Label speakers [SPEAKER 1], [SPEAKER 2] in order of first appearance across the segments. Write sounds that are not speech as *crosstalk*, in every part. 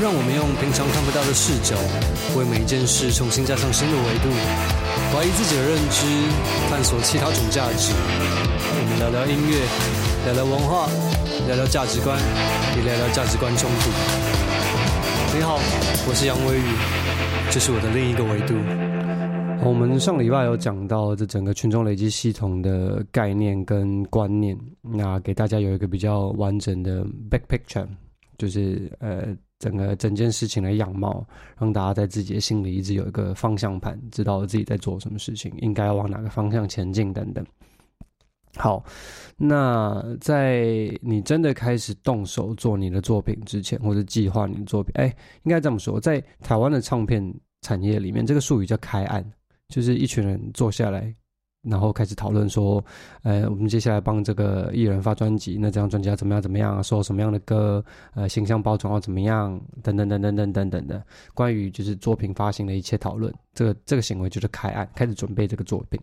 [SPEAKER 1] 讓我們用平常看不到的視角，為每一件事重新加上新的維度，懷疑自己的認知，探索其他種價值。我們聊聊音樂，聊聊文化，聊聊價值觀，也聊聊價值觀衝突。你好，我是楊維宇，這是我的另一個維度。好，我們上禮拜有講到這整個群眾累積系統的概念跟觀念，那給大家有一個比較完整的 big picture，就是呃。整個整件事情的樣貌，讓大家在自己的心裡一直有一個方向盤，知道自己在做什麼事情，應該要往哪個方向前進等等。好，那在你真的開始動手做你的作品之前，或者計劃你的作品，哎，應該這麼說，在台灣的唱片產業裡面，這個術語叫開案，就是一群人坐下來。然後開始討論說，呃，我們接下來幫這個藝人發專輯，那這張專輯要怎麼樣怎麼樣，說什麼樣的歌，呃，形象包裝要怎麼樣，等等等等等等等等的，關於就是作品發行的一切討論，這個這個行為就是開案，開始準備這個作品，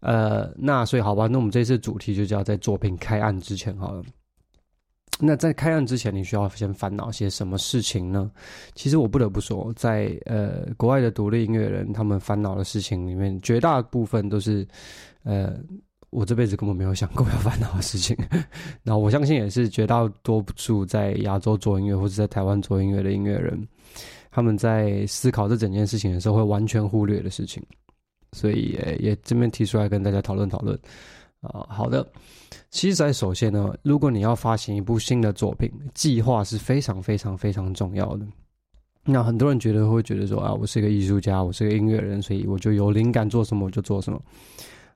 [SPEAKER 1] 呃，那所以好吧，那我們這次主題就叫在作品開案之前好了。那在開案之前，你需要先煩惱些什麼事情呢？其實我不得不說，在呃國外的獨立音樂人，他們煩惱的事情裡面，絕大部分都是，呃，我這輩子根本沒有想過要煩惱的事情。然後 *laughs* 我相信也是絕大多數在亞洲做音樂或者在台灣做音樂的音樂人，他們在思考這整件事情的時候，會完全忽略的事情。所以也也這邊提出來跟大家討論討論。啊、哦，好的。其實，在首先呢，如果你要發行一部新的作品，計劃是非常非常非常重要的。那很多人覺得會覺得說啊，我是一個藝術家，我是一個音樂人，所以我就有靈感做什麼我就做什麼。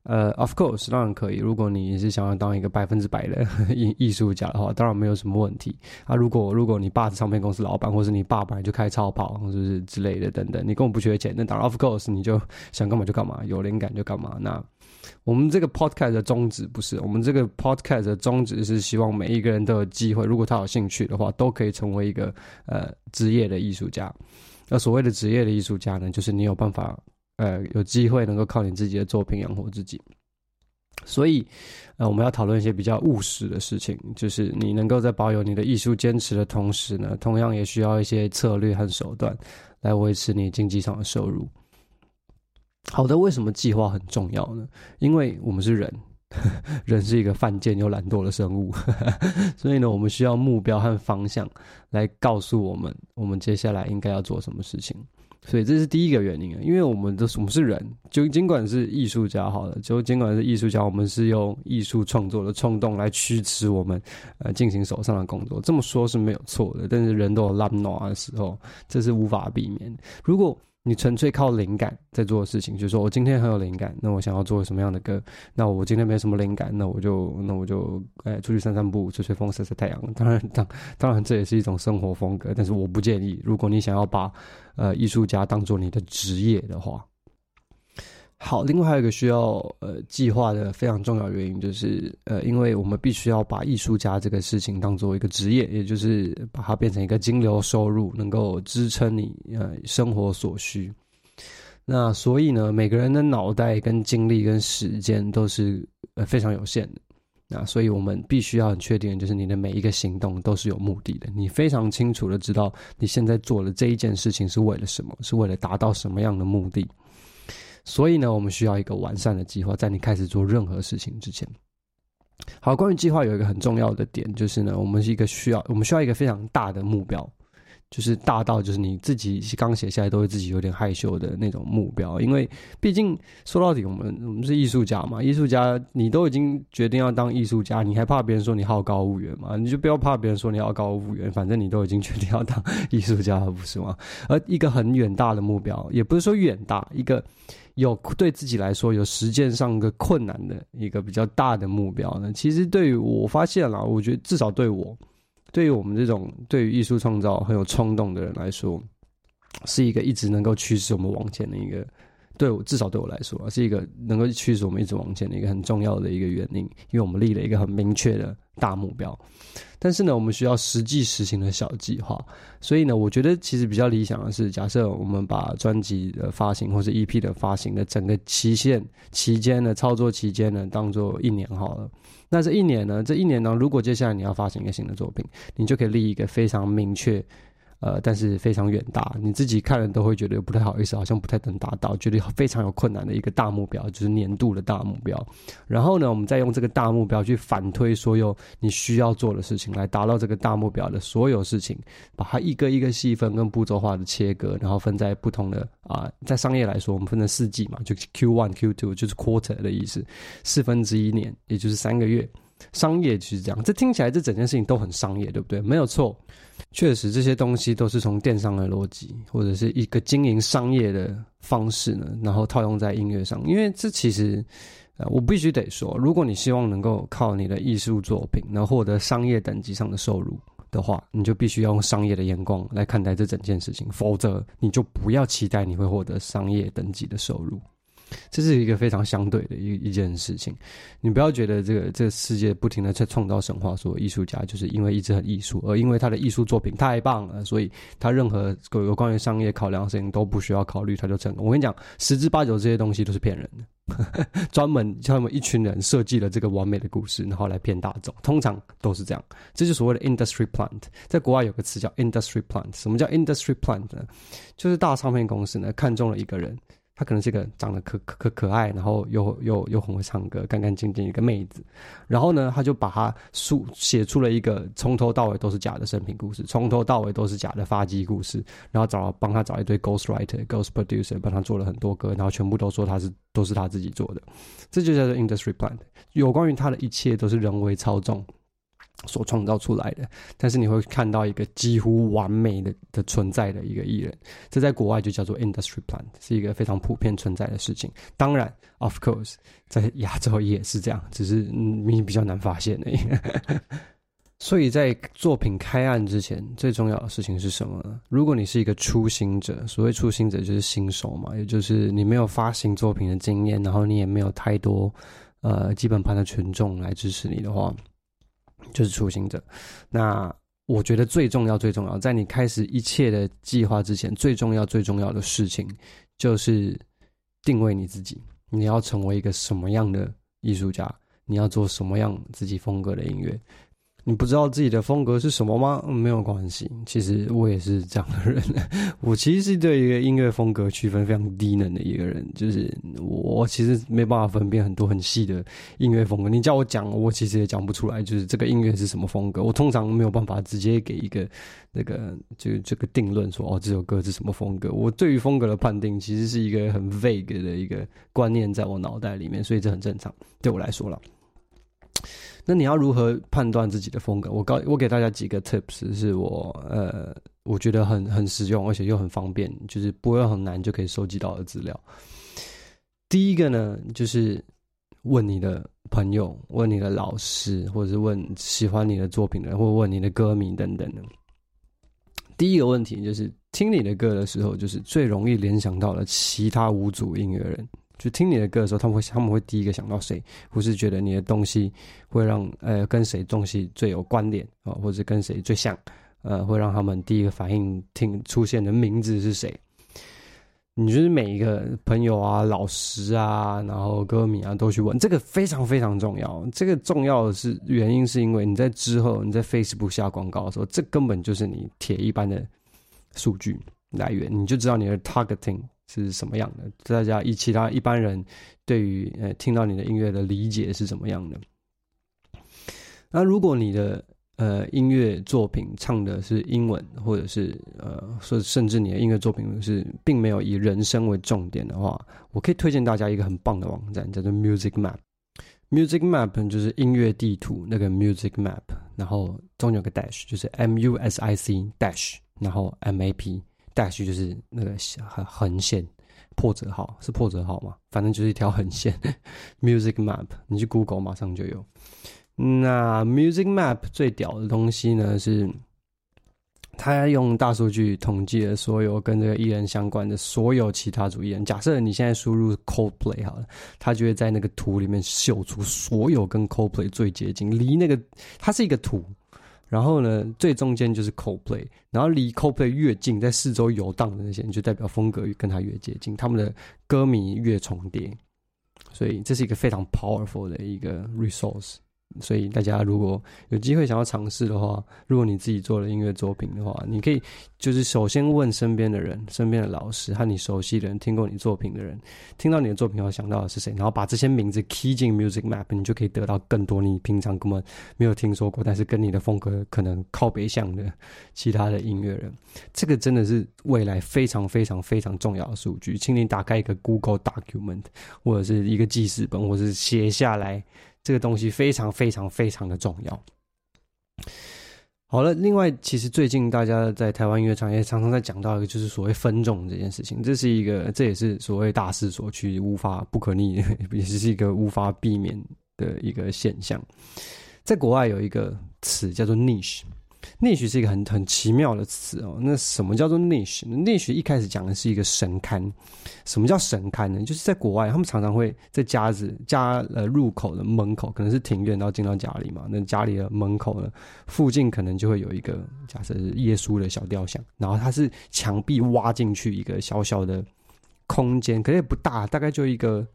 [SPEAKER 1] 呃，of course，當然可以。如果你是想要當一個百分之百的藝藝術家的話，當然沒有什麼問題。啊，如果如果你爸是唱片公司老板，或是你爸本來就開超跑，或者是，是之類的等等，你根本不缺錢，那當然 of course，你就想幹嘛就幹嘛，有靈感就幹嘛那。我們這個 podcast 的宗旨不是，我們這個 podcast 的宗旨是希望每一個人都有機會，如果他有興趣的話，都可以成為一個呃職業的藝術家。那所謂的職業的藝術家呢，就是你有辦法呃有機會能夠靠你自己的作品養活自己。所以呃，我們要討論一些比較務實的事情，就是你能夠在保有你的藝術堅持的同時呢，同樣也需要一些策略和手段來維持你經濟上的收入。好的，為什麼計劃很重要呢？因為我們是人，呵呵人是一個犯賤又懶惰的生物，呵呵所以呢，我們需要目標和方向來告訴我們，我們接下來應該要做什麼事情。所以這是第一個原因啊，因為我們都是我們是人，就儘管是藝術家好了，就儘管是藝術家，我們是用藝術創作的衝動來驅使我們呃進行手上的工作。這麼說是沒有錯的，但是人都有懶惰的時候，這是無法避免的。如果你純粹靠靈感在做的事情，就是說我今天很有靈感，那我想要做什麼樣的歌？那我今天沒什麼靈感，那我就那我就哎出去散散步，吹吹風，曬曬太陽。當然當當然這也是一種生活風格，但是我不建議，如果你想要把呃藝術家當做你的職業的話。好，另外還有一個需要呃計劃的非常重要原因就是呃，因為我們必須要把藝術家這個事情當做一個職業，也就是把它變成一個金流收入，能夠支撐你呃生活所需。那所以呢，每個人的腦袋跟精力跟時間都是呃非常有限的。那所以我們必須要很確定，就是你的每一個行動都是有目的的，你非常清楚的知道你現在做的這一件事情是為了什麼，是為了達到什麼樣的目的。所以呢，我們需要一個完善的計劃，在你開始做任何事情之前。好，關於計劃有一個很重要的點，就是呢，我們是一個需要，我們需要一個非常大的目標，就是大到就是你自己剛寫下來都會自己有點害羞的那種目標。因為畢竟說到底我，我們我們是藝術家嘛，藝術家你都已經決定要當藝術家，你還怕別人說你好高騖遠嗎？你就不要怕別人說你好高騖遠，反正你都已經決定要當藝術家了，不是嗎？而一個很遠大的目標，也不是說遠大，一個。有對自己來說有實踐上的困難的一個比較大的目標呢？其實對於我發現了、啊，我覺得至少對我，對於我們這種對於藝術創造很有衝動的人來說，是一個一直能夠驅使我們往前的一個。對我至少對我來說，是一個能夠驅使我們一直往前的一個很重要的一個原因，因為我們立了一個很明確的。大目標，但是呢，我們需要實際實行的小計劃。所以呢，我覺得其實比較理想的是，假設我們把專輯的發行或是 EP 的發行的整個期限期間呢，操作期間呢，當做一年好了。那這一年呢，這一年呢，如果接下來你要發行一個新的作品，你就可以立一個非常明確。呃，但是非常遠大，你自己看了都會覺得不太好意思，好像不太能達到，覺得非常有困難的一個大目標，就是年度的大目標。然後呢，我們再用這個大目標去反推所有你需要做的事情，來達到這個大目標的所有事情，把它一個一個細分跟步驟化的切割，然後分在不同的啊、呃，在商業來說，我們分成四季嘛，就 Q one，Q two 就是 quarter 的意思，四分之一年，也就是三個月。商業就是這樣，這聽起來這整件事情都很商業，對不對？沒有錯，確實這些東西都是從電商的邏輯或者是一個經營商業的方式呢，然後套用在音樂上。因為這其實，我必須得說，如果你希望能夠靠你的藝術作品能獲得商業等級上的收入的話，你就必須要用商業的眼光來看待這整件事情，否則你就不要期待你會獲得商業等級的收入。這是一個非常相對的一一件事情，你不要覺得這個這個世界不停的在創造神話，所有藝術家就是因為一直很藝術，而因為他的藝術作品太棒了，所以他任何有關於商業考量的事情都不需要考慮他就成功。我跟你講，十之八九這些東西都是騙人的， *laughs* 專門叫他們一群人設計了這個完美的故事，然後來騙大眾，通常都是這樣。這就是所謂的 industry plant，在國外有個詞叫 industry plant，什麼叫 industry plant 呢？就是大唱片公司呢，看中了一個人。他可能是一個長得可可可可愛，然後又又又很會唱歌，乾乾淨淨一個妹子。然後呢，他就把他書寫出了一個從頭到尾都是假的生平故事，從頭到尾都是假的發跡故事。然後找幫他找一堆 ghost writer、ghost producer，幫他做了很多歌，然後全部都說他是都是他自己做的。這就叫做 industry plant，有關於他的一切都是人為操縱。所創造出來的，但是你會看到一個幾乎完美的的存在的一個藝人，這在國外就叫做 industry plant，是一個非常普遍存在的事情。當然，of course，在亞洲也是這樣，只是你比較難發現而已。 *laughs* 所以在作品開案之前，最重要的事情是什麼呢？如果你是一個初心者，所謂初心者就是新手嘛，也就是你沒有發行作品的經驗，然後你也沒有太多呃基本盤的群眾來支持你的話。就是初心者。那我覺得最重要、最重要，在你開始一切的計劃之前，最重要、最重要的事情就是定位你自己。你要成為一個什麼樣的藝術家？你要做什麼樣自己風格的音樂？你不知道自己的風格是什麼嗎？嗯，沒有關係，其實我也是這樣的人。 *laughs* 我其實是對一個音樂風格區分非常低能的一個人，就是我其實沒辦法分辨很多很細的音樂風格。你叫我講，我其實也講不出來，就是這個音樂是什麼風格。我通常沒有辦法直接給一個那個就這個定論說，說哦，這首歌是什麼風格。我對於風格的判定其實是一個很 vague 的一個觀念在我腦袋裡面，所以這很正常，對我來說啦。那你要如何判斷自己的風格？我告我給大家幾個 tips，是我呃，我覺得很很實用，而且又很方便，就是不會很難就可以收集到的資料。第一個呢，就是問你的朋友、問你的老師，或者是問喜歡你的作品的人，或者問你的歌迷等等的。第一個問題就是：聽你的歌的時候，就是最容易聯想到了其他五組音樂人。就聽你的歌的時候，他們會他們會第一個想到誰？或是覺得你的東西會讓呃跟誰東西最有關聯啊、呃，或者跟誰最像？呃，會讓他們第一個反應聽出現的名字是誰？你就是每一個朋友啊、老師啊、然後歌迷啊都去問，這個非常非常重要。這個重要的是原因是因為你在之後你在 Facebook 下廣告的時候，這根本就是你鐵一般的數據來源，你就知道你的 Targeting，是什麼樣的？大家一其他一般人對於呃聽到你的音樂的理解是什麼樣的？那如果你的呃音樂作品唱的是英文，或者是呃說甚至你的音樂作品是並沒有以人聲為重點的話，我可以推薦大家一個很棒的網站叫做 Music Map。Music Map 就是音樂地圖那個 Music Map，然後中有個 dash，就是 M U S I C dash，然後 M A P。d a 就是那個橫線，破折號是破折號嗎？反正就是一條橫線。 *laughs* Music Map，你去 Google 馬上就有。那 Music Map 最屌的東西呢，是它用大數據統計了所有跟這個藝人相關的所有其他組藝人。假設你現在輸入 Coldplay 好了，它就會在那個圖裡面秀出所有跟 Coldplay 最接近，離那個它是一個圖。然後呢，最中間就是 Coldplay，然後離 Coldplay 越近，在四周遊蕩的那些，就代表風格越跟他越接近，他們的歌迷越重疊，所以這是一個非常 powerful 的一個 resource。所以大家如果有機會想要嘗試的話，如果你自己做了音樂作品的話，你可以就是首先問身邊的人、身邊的老師和你熟悉的人、聽過你作品的人，聽到你的作品的話想到的是誰，然後把這些名字 key 進 Music Map，你就可以得到更多你平常根本沒有聽說過，但是跟你的風格可能靠北向的其他的音樂人。這個真的是未來非常非常非常重要的數據。請你打開一個 Google Document 或者是一個記事本，或者是寫下來。這個東西非常非常非常的重要。好了，另外，其實最近大家在台灣音樂產業常常在講到一個，就是所謂分眾這件事情，這是一個，這也是所謂大勢所趨，無法不可逆，也是一個無法避免的一個現象。在國外有一個詞叫做 “niche”。niche 是一個很很奇妙的詞哦。那什麼叫做 niche 呢？niche 一開始講的是一個神龕。什麼叫神龕呢？就是在國外，他們常常會在家子家呃入口的門口，可能是庭院，然後進到家裡嘛。那家裡的門口呢，附近可能就會有一個假設是耶穌的小雕像，然後它是牆壁挖進去一個小小的空間，可能也不大，大概就一個。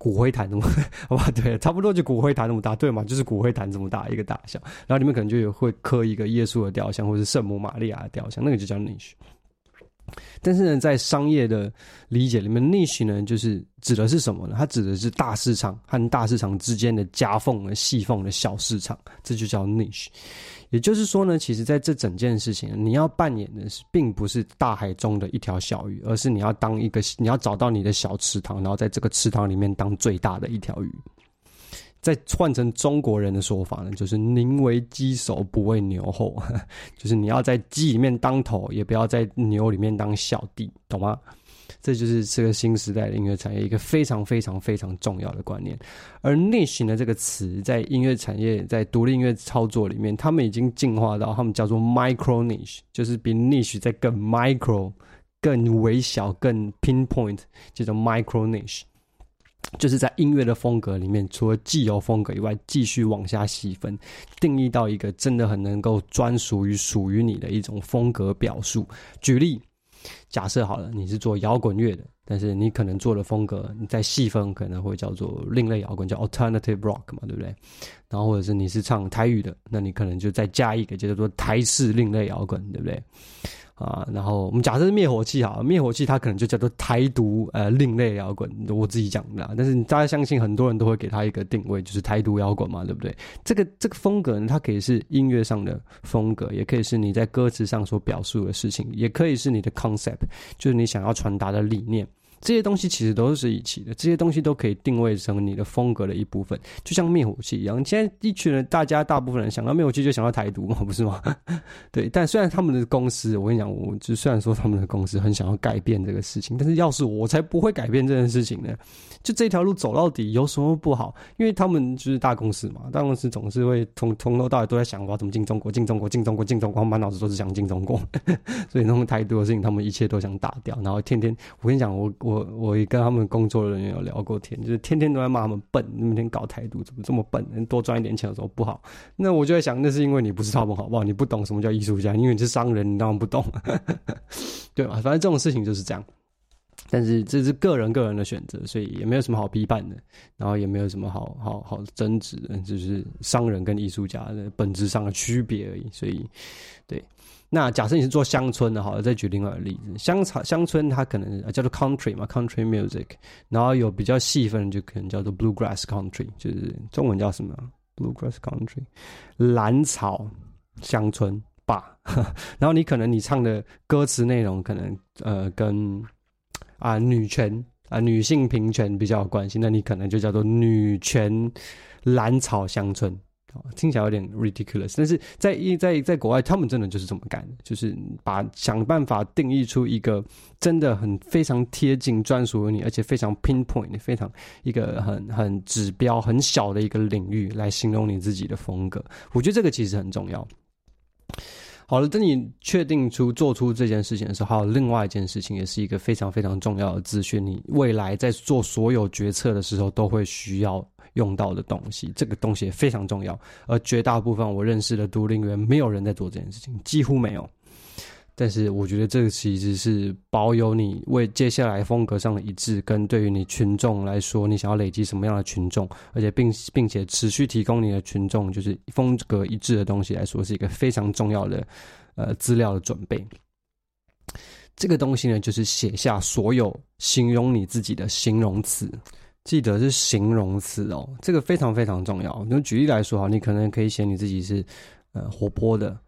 [SPEAKER 1] 骨灰罈那麼，好吧，對，差不多就骨灰罈那麼大，對嘛？就是骨灰罈這麼大一個大小，然後你們可能就會刻一個耶穌的雕像，或是聖母瑪利亞的雕像，那個就叫 niche。但是呢，在商業的理解裡面，niche 呢，就是指的是什麼呢？它指的是大市場和大市場之間的夾縫和細縫的小市場，這就叫 niche。也就是說呢，其實在這整件事情，你要扮演的是，並不是大海中的一條小魚，而是你要當一個，你要找到你的小池塘，然後在這個池塘裡面當最大的一條魚。再換成中國人的說法呢，就是寧為雞首不為牛後，就是你要在雞裡面當頭，也不要在牛裡面當小弟，懂嗎？這就是這個新時代的音樂產業一個非常非常非常重要的觀念。而 niche 呢，這個詞在音樂產業，在獨立音樂操作裡面，他們已經進化到他們叫做 micro niche，就是比 niche 再更 micro、更微小、更 pinpoint 這種 micro niche，就是在音樂的風格裡面，除了既有風格以外，繼續往下細分，定義到一個真的很能夠專屬於屬於你的一種風格表述。舉例。假設好了，你是做搖滾樂的，但是你可能做的風格，你在細分可能會叫做另類搖滾，叫 alternative rock 嘛，對不對？然後或者是你是唱台語的，那你可能就再加一個，就叫做台式另類搖滾，對不對？啊，然後我們假設是滅火器啊，滅火器它可能就叫做台獨呃另類搖滾，我自己講的，但是大家相信很多人都會給它一個定位，就是台獨搖滾嘛，對不對？這個這個風格呢，它可以是音樂上的風格，也可以是你在歌詞上所表述的事情，也可以是你的 concept，就是你想要傳達的理念。這些東西其實都是一起的，這些東西都可以定位成你的風格的一部分，就像滅火器一樣。現在一群人，大家大部分人想到滅火器就想到台獨嘛，不是嗎？對，但雖然他們的公司，我跟你講，我就雖然說他們的公司很想要改變這個事情，但是要是我才不會改變這件事情呢。就這條路走到底有什麼不好？因為他們就是大公司嘛，大公司總是會從從頭到尾都在想，哇，怎麼進中國？進中國？進中國？進中國！滿腦子都是想進中國， *laughs* 所以他們台獨的事情，他們一切都想打掉，然後天天我跟你講，我我。我我也跟他們工作人員有聊過天，就是天天都在罵他們笨，每天搞態度，怎麼這麼笨？能多賺一點錢的時候不好，那我就在想，那是因為你不是他們好不好？你不懂什麼叫藝術家，因為你是商人，你當然不懂， *laughs* 對吧？反正這種事情就是這樣，但是這是個人個人的選擇，所以也沒有什麼好批判的，然後也沒有什麼好好好爭執的，就是商人跟藝術家的本質上的區別而已，所以對。那假設你是做鄉村的，好，再舉另外一個例子，鄉草鄉村，它可能，呃、叫做 country 嘛，country music，然後有比較細分，就可能叫做 bluegrass country，就是中文叫什麼？bluegrass country，藍草鄉村吧。 *laughs* 然後你可能你唱的歌詞內容可能呃跟啊，呃、女權啊，呃、女性平權比較有關係，那你可能就叫做女權藍草鄉村。聽起來有點 ridiculous，但是在一在在國外，他們真的就是這麼幹的，就是把想辦法定義出一個真的很非常貼近專屬於你，而且非常 pinpoint，非常一個很很指標很小的一個領域來形容你自己的風格。我覺得這個其實很重要。好了，等你確定出做出這件事情的時候，還有另外一件事情，也是一個非常非常重要的資訊，你未來在做所有決策的時候都會需要。用到的東西，這個東西也非常重要。而絕大部分我認識的都行員，沒有人在做這件事情，幾乎沒有。但是，我覺得這個其實是保有你為接下來風格上的一致，跟對於你群眾來說，你想要累積什麼樣的群眾，而且並並且持續提供你的群眾，就是風格一致的東西來說，是一個非常重要的呃資料的準備。這個東西呢，就是寫下所有形容你自己的形容詞。記得是形容詞哦，這個非常非常重要。就舉例來說哈，你可能可以寫你自己是，呃，活潑的，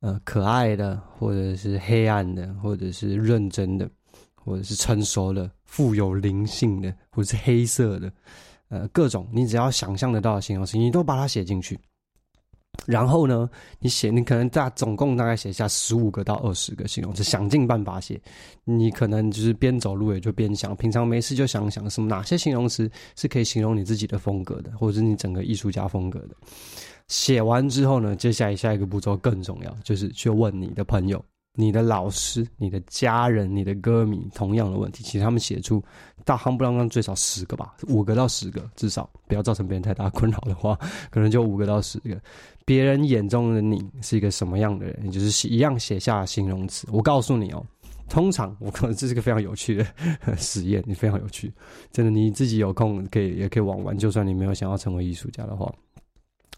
[SPEAKER 1] 呃，可愛的，或者是黑暗的，或者是認真的，或者是成熟的，富有靈性的，或者是黑色的，呃，各種你只要想象得到的形容詞，你都把它寫進去。然後呢，你寫，你可能大總共大概寫下十五個到二十個形容詞，想盡辦法寫。你可能就是邊走路也就邊想，平常沒事就想想什麼，哪些形容詞是可以形容你自己的風格的，或者是你整個藝術家風格的。寫完之後呢，接下來下一個步驟更重要，就是去問你的朋友。你的老師、你的家人、你的歌迷，同樣的問題，其實他們寫出大夯不啷噹最少十個吧，五個到十個，至少不要造成別人太大困擾的話，可能就五個到十個。別人眼中的你是一個什麼樣的人，也就是一樣寫下形容詞。我告訴你哦，通常我可能這是個非常有趣的實驗，你非常有趣，真的，你自己有空可以也可以玩玩，就算你沒有想要成為藝術家的話。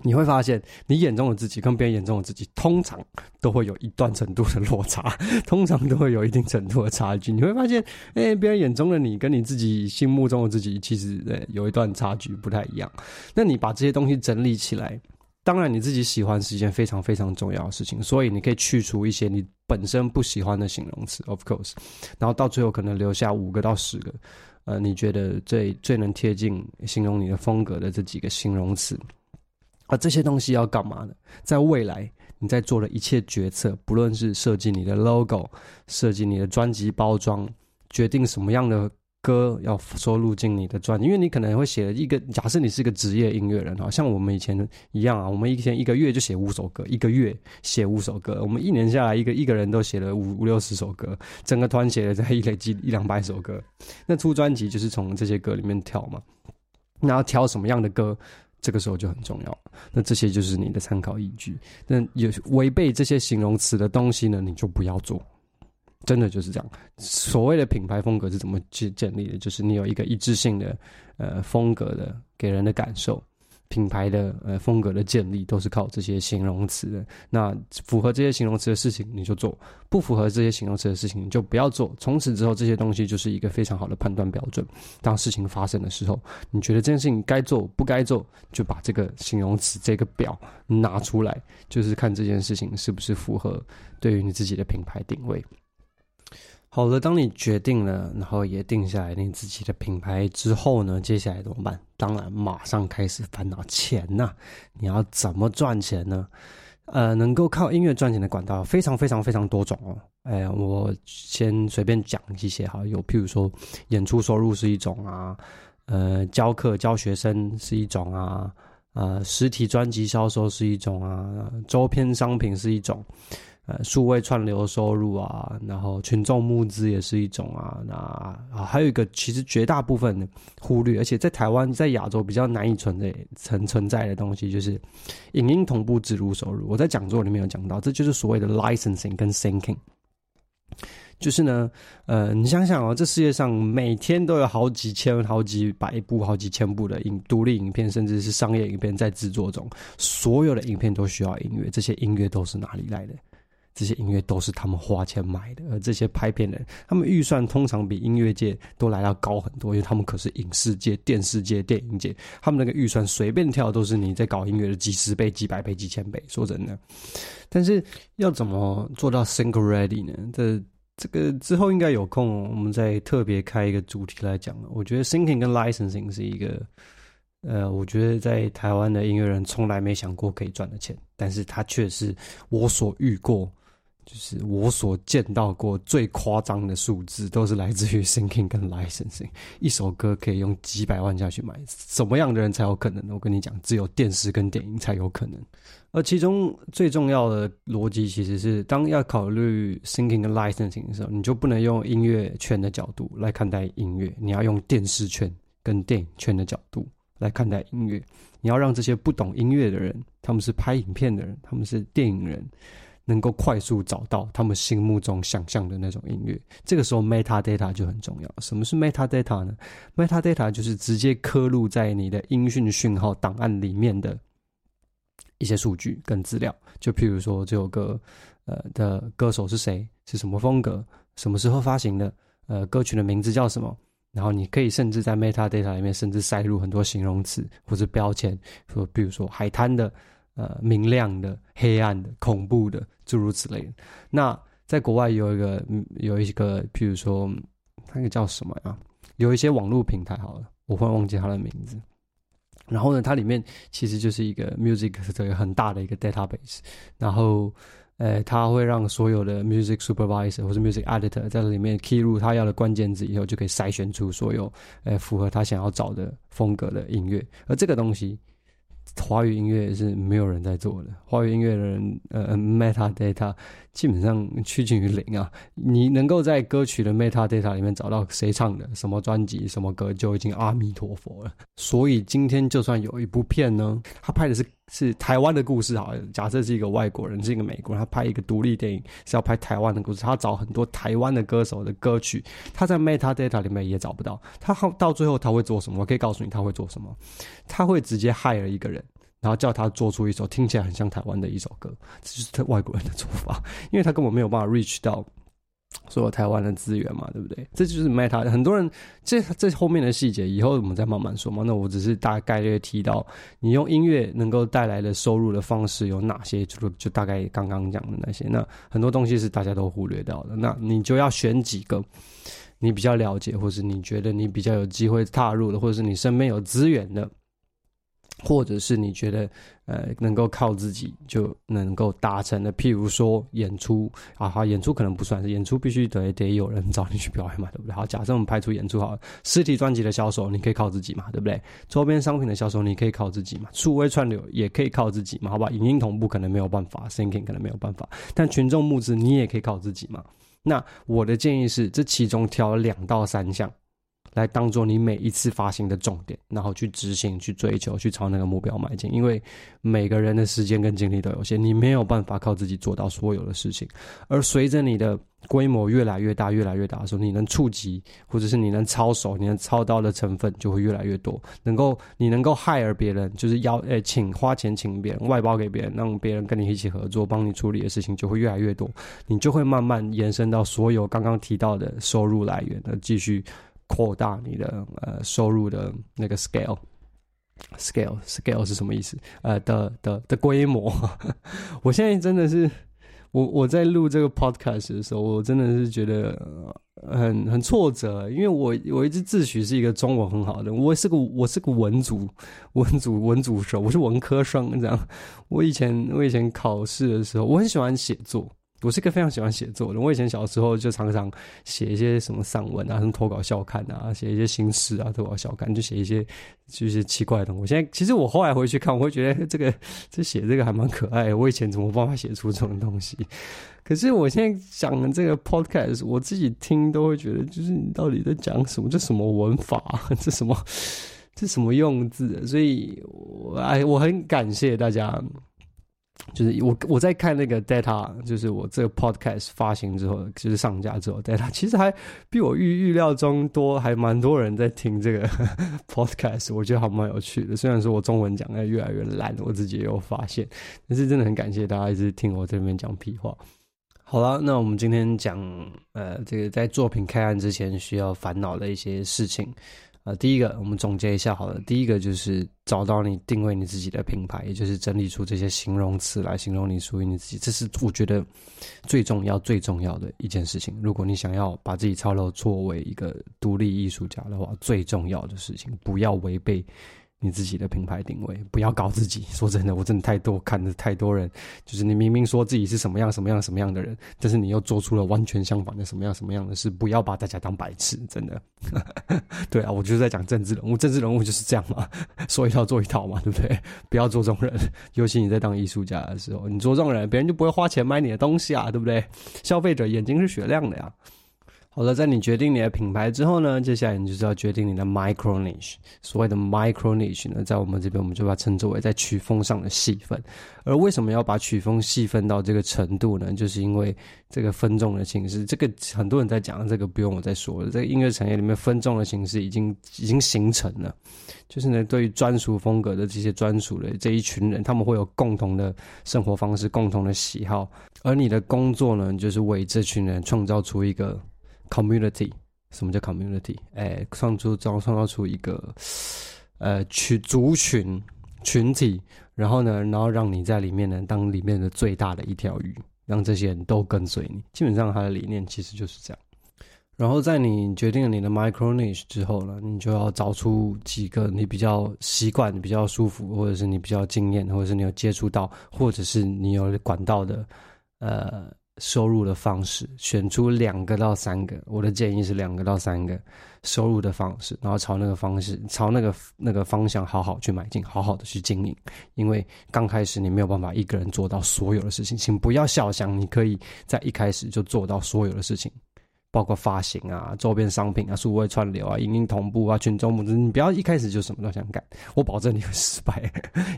[SPEAKER 1] 你會發現，你眼中的自己跟別人眼中的自己，通常都會有一段程度的落差，通常都會有一定程度的差距。你會發現，哎、欸，別人眼中的你跟你自己心目中的自己，其實欸，有一段差距，不太一樣。那你把這些東西整理起來，當然你自己喜歡是一件非常非常重要的事情，所以你可以去除一些你本身不喜歡的形容詞，of course，然後到最後可能留下五個到十個，呃，你覺得最最能貼近形容你的風格的這幾個形容詞。啊，這些東西要幹嘛呢？在未來，你在做的一切決策，不論是設計你的 logo，設計你的專輯包裝，決定什麼樣的歌要收錄進你的專輯，因為你可能會寫一個，假設你是一個職業音樂人，好像我們以前一樣啊，我們以前一個月就寫五首歌，一個月寫五首歌，我們一年下來，一個一個人都寫了五五六十首歌，整個團寫了在一累積一兩百首歌，那出專輯就是從這些歌裡面挑嘛，那要挑什麼樣的歌？這個時候就很重要，那這些就是你的參考依據。那有違背這些形容詞的東西呢，你就不要做。真的就是這樣。所謂的品牌風格是怎麼去建立的？就是你有一個一致性的呃風格的給人的感受。品牌的呃風格的建立都是靠這些形容詞的，那符合這些形容詞的事情你就做，不符合這些形容詞的事情你就不要做。從此之後，這些東西就是一個非常好的判斷標準。當事情發生的時候，你覺得這件事情該做不該做，就把這個形容詞這個表拿出來，就是看這件事情是不是符合對於你自己的品牌定位。好了，當你決定了，然後也定下來你自己的品牌之後呢，接下來怎麼辦？當然，馬上開始煩惱錢吶、啊！你要怎麼賺錢呢？呃，能夠靠音樂賺錢的管道非常非常非常多種哦、啊。誒、呃、我先隨便講一些哈，有譬如說演出收入是一種啊，呃，教課教學生是一種啊，呃，實體專輯銷售是一種啊，周邊商品是一種。數位串流收入啊，然後群眾募資也是一種啊，那啊還有一個其實絕大部分的忽略，而且在台灣、在亞洲比較難以存在存存在的東西，就是影音同步植入收入。我在講座裡面有講到，這就是所謂的 licensing 跟 syncing。就是呢，呃，你想想哦，這世界上每天都有好幾千、好幾百部、好幾千部的影獨立影片，甚至是商業影片在製作中，所有的影片都需要音樂，這些音樂都是哪裡來的？這些音樂都是他們花錢買的，而這些拍片人，他們預算通常比音樂界都來要高很多，因為他們可是影視界、電視界、電影界，他們那個預算隨便跳都是你在搞音樂的幾十倍、幾百倍、幾千倍，說真的。但是要怎麼做到 sync ready 呢？這這個之後應該有空，我們再特別開一個主題來講，我覺得 syncing 跟 licensing 是一個，呃，我覺得在台灣的音樂人從來沒想過可以賺的錢，但是他卻是我所遇過。就是我所見到過最誇張的數字，都是來自於 syncing 跟 licensing。一首歌可以用幾百萬下去買，什麼樣的人才有可能？我跟你講，只有電視跟電影才有可能。而其中最重要的邏輯，其實是當要考慮 syncing 跟 licensing 的時候，你就不能用音樂圈的角度來看待音樂，你要用電視圈跟電影圈的角度來看待音樂。你要讓這些不懂音樂的人，他們是拍影片的人，他們是電影人。能夠快速找到他們心目中想象的那種音樂，這個時候 metadata 就很重要。什麼是 metadata 呢？metadata 就是直接刻錄在你的音訊訊號檔案裡面的一些數據跟資料。就譬如說，這首歌呃的歌手是誰，是什麼風格，什麼時候發行的，呃歌曲的名字叫什麼。然後你可以甚至在 metadata 裡面，甚至塞入很多形容詞或者標籤，說比如說海灘的。呃，明亮的、黑暗的、恐怖的，諸如此類。那在國外有一個，有一個，譬如說，那個叫什麼呀？有一些網絡平台，好了，我會忘記它的名字。然後呢，它裡面其實就是一個 music 的很大的一個 database。然後，呃，它會讓所有的 music supervisor 或是 music editor 在裡面 key 入他要的關鍵字，以後就可以篩選出所有，呃，符合他想要找的風格的音樂。而這個東西。華語音樂也是沒有人在做的，華語音樂的人，呃，Meta Data。Met 基本上趨近於零啊！你能夠在歌曲的 metadata 裡面找到誰唱的、什麼專輯、什麼歌，就已經阿彌陀佛了。所以今天就算有一部片呢，他拍的是是台灣的故事，好，假設是一個外國人，是一個美國人，他拍一個獨立電影，是要拍台灣的故事，他找很多台灣的歌手的歌曲，他在 metadata 裡面也找不到。他到最後他會做什麼？我可以告訴你，他會做什麼？他會直接 hire 一個人。然後叫他做出一首聽起來很像台灣的一首歌，這就是他外國人的做法，因為他根本沒有辦法 reach 到所有台灣的資源嘛，對不對？這就是賣他嘛。很多人這這後面的細節，以後我們再慢慢說嘛。那我只是大概略提到，你用音樂能夠帶來的收入的方式有哪些？就就大概剛剛講的那些。那很多東西是大家都忽略掉的。那你就要選幾個你比較了解，或是你覺得你比較有機會踏入的，或者是你身邊有資源的。或者是你覺得，呃，能夠靠自己就能夠達成的，譬如說演出，啊哈、啊，演出可能不算，演出必須得得有人找你去表演嘛，對不對？好，假設我們排除演出好了，好，實體專輯的銷售你可以靠自己嘛，對不對？周邊商品的銷售你可以靠自己嘛，數位串流也可以靠自己嘛，好吧？影音同步可能沒有辦法，syncing 可能沒有辦法，但群眾募資你也可以靠自己嘛。那我的建議是，這其中挑兩到三項。來當做你每一次發行的重點，然後去執行、去追求、去朝那個目標邁進。因為每個人的時間跟精力都有限，你沒有辦法靠自己做到所有的事情。而隨着你的規模越來越大、越來越大的時候，你能觸及或者是你能操手、你能操刀的成分就會越來越多。能夠你能夠 hire 別人，就是要呃請花錢請別人外包給別人，讓別人跟你一起合作，幫你處理的事情就會越來越多。你就會慢慢延伸到所有剛剛提到的收入來源，而繼續。擴大你的呃收入的那個 scale，scale scale, scale 是什麼意思？呃的的的規模。 *laughs* 我現在真的是，我我在錄這個 podcast 的時候，我真的是覺得很很挫折，因為我我一直自詡是一個中文很好的，我是個我是個文組文組文組手，我是文科生你知道。我以前我以前考試的時候，我很喜歡寫作。我是一個非常喜歡寫作的人。我以前小時候就常常寫一些什麼散文啊，什麼投稿校刊啊，寫一些新詩啊，投稿校刊就寫一些就是奇怪的東西。我現在其實我後來回去看，我會覺得這個這寫這個還蠻可愛的。我以前怎麼辦法寫出這種東西？可是我現在講的這個 podcast，我自己聽都會覺得，就是你到底在講什麼？這什麼文法？這什麼這什麼用字？所以，我哎，我很感謝大家。就是我我在看那個 data，就是我這個 podcast 發行之後，就是上架之後，data 其實還比我預預料中多，還蠻多人在聽這個 podcast，我覺得還蠻有趣的。雖然說我中文講得越來越爛，我自己也有發現，但是真的很感謝大家一直聽我這邊講屁話。好了，那我們今天講呃這個在作品開案之前需要煩惱的一些事情。啊、呃，第一個，我們總結一下，好了。第一個就是找到你定位你自己的品牌，也就是整理出這些形容詞來形容你屬於你自己。這是我覺得最重要、最重要的一件事情。如果你想要把自己操作作為一個獨立藝術家的話，最重要的事情，不要違背。你自己的品牌定位，不要搞自己。說真的，我真的太多看的太多人，就是你明明說自己是什麼樣什麼樣什麼樣的人，但是你又做出了完全相反的什麼樣什麼樣的事。不要把大家當白痴，真的。 *laughs* 對啊，我就是在講政治人物，政治人物就是這樣嘛，說一套做一套嘛，對不對？不要做這種人，尤其你在當藝術家的時候，你做這種人，別人就不會花錢買你的東西啊，對不對？消費者眼睛是雪亮的呀。好了，在你決定你的品牌之後呢，接下來你就是要決定你的 micro niche。所謂的 micro niche 呢，在我們這邊我們就把它稱之為在曲風上的細分。而為什麼要把曲風細分到這個程度呢？就是因為這個分眾的形式，這個很多人在講，這個不用我再說了，這個音樂產業裡面，分眾的形式已經已經形成了，就是呢，對於專屬風格的這些專屬的這一群人，他們會有共同的生活方式、共同的喜好，而你的工作呢，就是為這群人創造出一個。Community，什麼叫 community？哎、欸，創造造創造出一個呃群族群群體，然後呢，然後讓你在裡面呢，當裡面的最大的一條魚，讓這些人都跟隨你。基本上它的理念其實就是這樣。然後在你決定了你的 micro niche 之後呢，你就要找出幾個你比較習慣、比較舒服，或者是你比較經驗，或者是你有接觸到，或者是你有管道的，呃。收入的方式，選出兩個到三個。我的建議是兩個到三個收入的方式，然後朝那個方式，朝那個那個方向好好去邁進，好好的去經營。因為剛開始你沒有辦法一個人做到所有的事情，請不要小想，你可以在一開始就做到所有的事情。包括發行啊、周邊商品啊、數位串流啊、影音同步啊、群眾募資，你不要一開始就什麼都想幹，我保證你會失敗，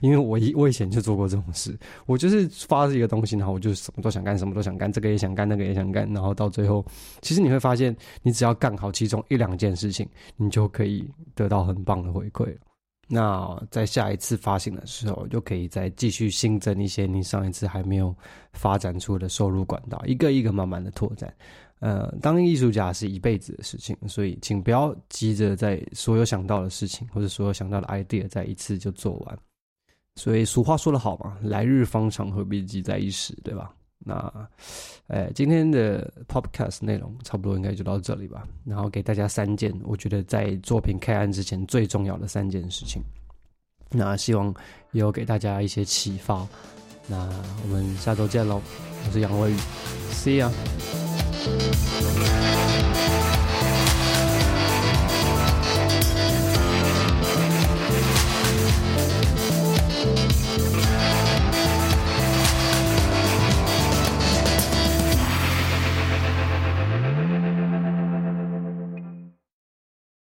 [SPEAKER 1] 因為我以我以前就做過這種事，我就是發一個東西，然後我就什麼都想幹，什麼都想幹，這個也想幹，那個也想幹，然後到最後，其實你會發現，你只要幹好其中一兩件事情，你就可以得到很棒的回饋了。那在下一次發行的時候，就可以再繼續新增一些你上一次還沒有發展出的收入管道，一個一個慢慢的拓展。呃，當藝術家是一輩子的事情，所以請不要急着在所有想到的事情或者所有想到的 idea 再一次就做完。所以俗話說得好嘛，來日方長，何必急在一時，對吧？那，誒，今天的 Podcast 內容差不多應該就到這裡吧。然後給大家三件，我覺得在作品開案之前最重要的三件事情。那希望也有給大家一些啟發。那我們下週見嘍，我是楊威雨 see you。